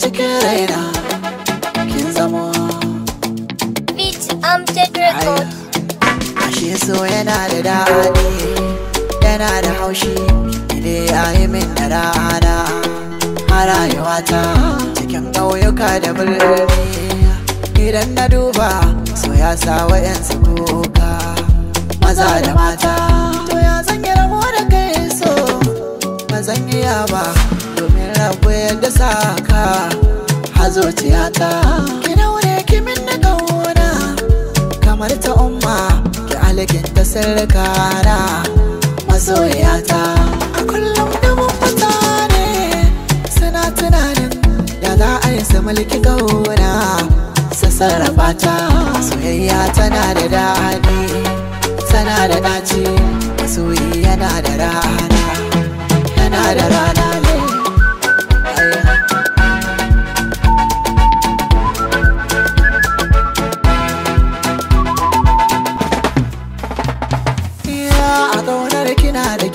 cikin raina kin zamo Beat Amjad Record Ashe so yana da daɗi yana da haushi ide ya yi min da rana a rayuwata cikin ƙauyuka da birni idan na duba so ya sa wa'yansu kuka maza da mata hazociyata ki daure ki min na kauna kamar ta umma ki alagin ta sarkara masoyata a kullum da mafata ne suna tunanin da za a yi mulki kauna su sarrafa ta soyayya tana da daɗi tana da ɗaci masoyi yana da rana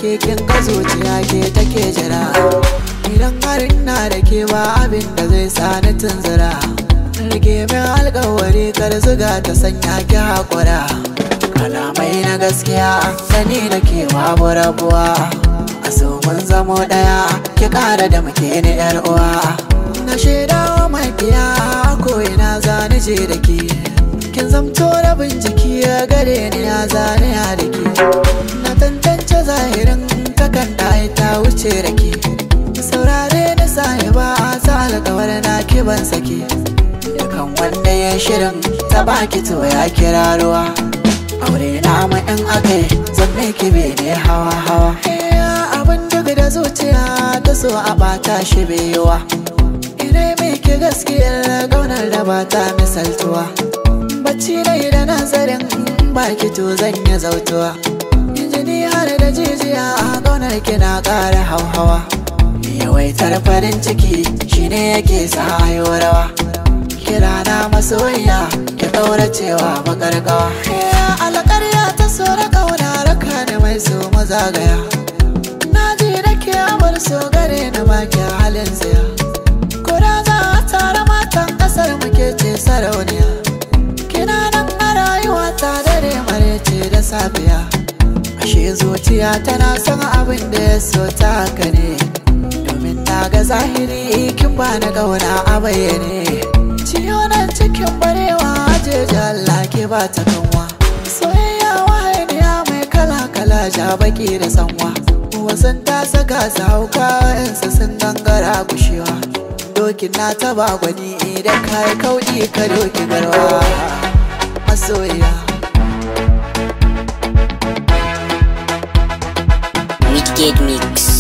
ke kin ga zuciya ke take jira idan har ina da ke ba abin da zai sa ni tunzura rage min alkawari kar zuga ta sanya ki hakura kalamai na gaskiya sani da ke wa rabuwa a so mun zamo daya ki kara da muke ni yar uwa na shaida wa mafiya ko ina zani je da ke kin zamto rabin jiki ya gare ni ya zane ya da ke tantance zahirin kakan ɗaya ta wuce rake saurare na zahiba ba a sa alkawar na kiban sake dukan wanda ya shirin ta baki to ya kira ruwa aure na ma in akai zan miki bene hawa hawa abin duk da zuciya ta so a bata shi biyuwa ina miki gaskiyar gaunar da bata misaltuwa bacci dai da nazarin baki to zan yi zautuwa jijiya a ƙaunar kina ƙara hauhawa yawaitar farin ciki shine yake sa rawa kira na masoyiya ya ɗaura cewa makarkawa alƙarya ta sora ƙauna raka da mai so mazagaya na ji da kyamar so gare na baki halin tsaya kura za a tara matan ƙasar muke ce sarauniya kina nan a rayuwa ta dare mare ce da safiya Shi zuciya tana son abin da ya so ta ne Domin na ga zahiri kin ba na gauna a bayyane Ciyo cikin barewa ajeji Allah ke ba ta kanwa Soyayya wahaniya mai kala-kala ja baki da sanwa Wasan ta saka su hauka wa'insu sun dangara gushewa Dokin na ba gwani idan ka yi kauɗi ka doki garwa Masoya Mix.